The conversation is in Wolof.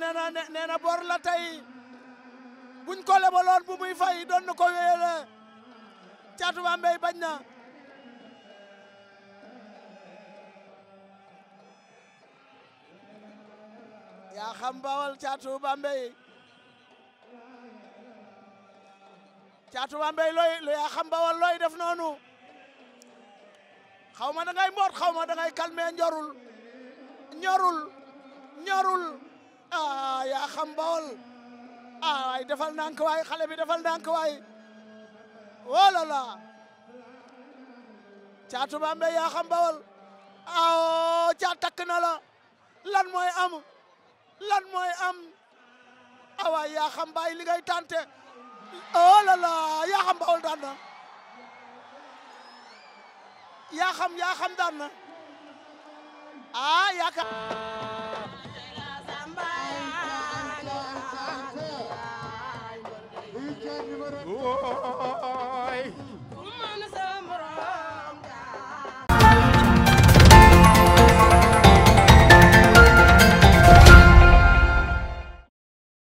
nee na nee na bor la tey buñ ko lebaloon bu muy fay doon na ko wéyale Caatu Bambey bañ yaa xam bawal Caatu Bambey Caatu Bambey looy yaa xam bawal looy def noonu xaw ma da ngay mboot xaw ma da ngay calmer ñorul ñorul ñorul ah yaa xam bawol ah waay defal ndànk waay xale bi defal ndànk waay wala oh la caatu Bambey yaa xam bawol ah oh, caa takk na la lan mooy am lan mooy am ah yaa xam baay li ngay oh yaa xam bawol daan na yaa yaa xam ah, Oh, oh, oh, oh